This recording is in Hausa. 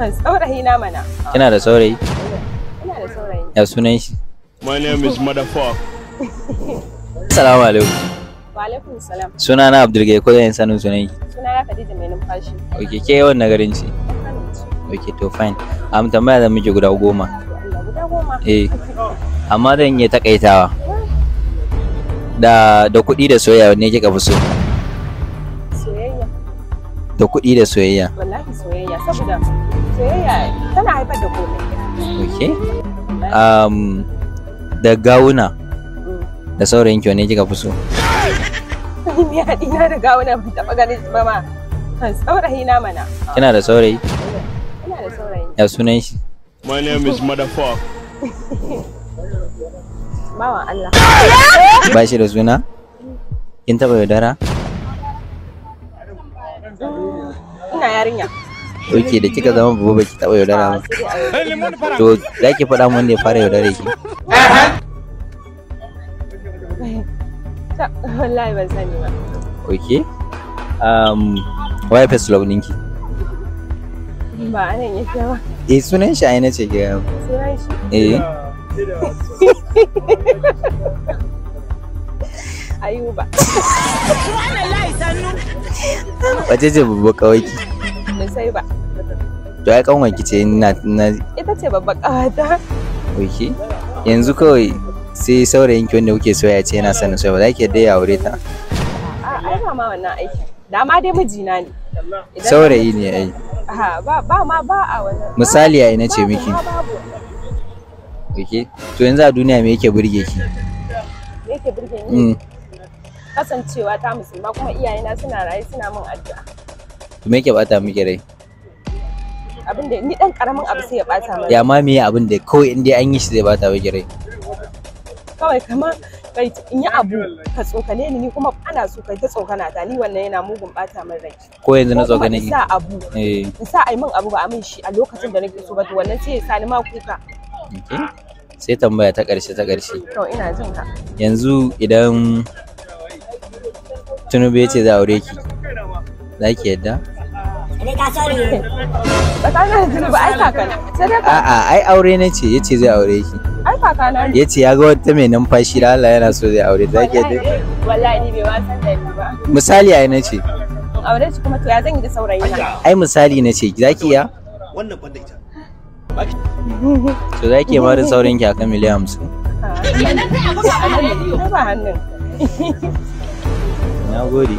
kan saurayi na mana. Kina da saurayi? Ina da saurayi. Ya sunan shi? My name is Motherfuck. alaikum. salam. Suna na Abdulgai ko zan sanin sunan ki? Suna na Khadija mai numfashi. ke garin ci? to fine. Am tambaya zan miki guda goma. Guda goma? Eh. Amma zan iya takaitawa. Da kuɗi da soyayya ne kika fi so? da kuɗi da soyayya wallahi soyayya saboda soyayya tana haifar da komai okay um gawuna mm. da saurayin kyau ne kika fi so saurayi kina da saurayi ya sunan shi my name is motherfuck ba shi da suna in taɓa yaudara ina yarinya ok da kika zama babu baki taɓa yaudara ba to za ki faɗa mun ne fara yaudara ki wallahi ban ok um why first love ninki sunan shi ce sunan eh. wace ce babba kawai ki musai ba to ai kanwan kice na na ita ce babba kawata oke yanzu kawai sai saurayin ki wanda kuke so ya ce yana sanin so ba za ki ya aure ta a ai ba ma wannan dama dai mijina ne saurayi ne ai ba ma ba a wannan misali ai na ce miki oke to yanzu a duniya me yake burge ki me yake burge ni mm. kasancewa ta musulma kuma iyayena suna raye suna min addu'a to me yake bata miki rai abin da ni dan karamin abu sai ya bata mai ya ma me abin da kawai in dai an yi shi zai bata miki rai kawai kama kai in yi abu ka tsokane ni kuma ana so kai ta tsokana ta ni wannan yana mugun bata min rai ko yanzu na tsokane ki sa abu eh sa ai min abu ba a min shi a lokacin da nake so ba to wannan sai ya sa ni ma kuka sai tambaya ta ƙarshe ta ƙarshe to ina jin ka yanzu idan tunube ya ce za aure ki za ki yadda a'a ai aure na ce yace zai aure ki ai kaka na yace ya ga wata mai numfashi da Allah yana so zai aure za yadda wallahi ni bai wasan da ni ba misali ai na ce aure shi kuma to ya zan yi da saurayi ai misali na ce za ki ya wannan banda ita to za ki ba da ki akan miliyan 50 na gode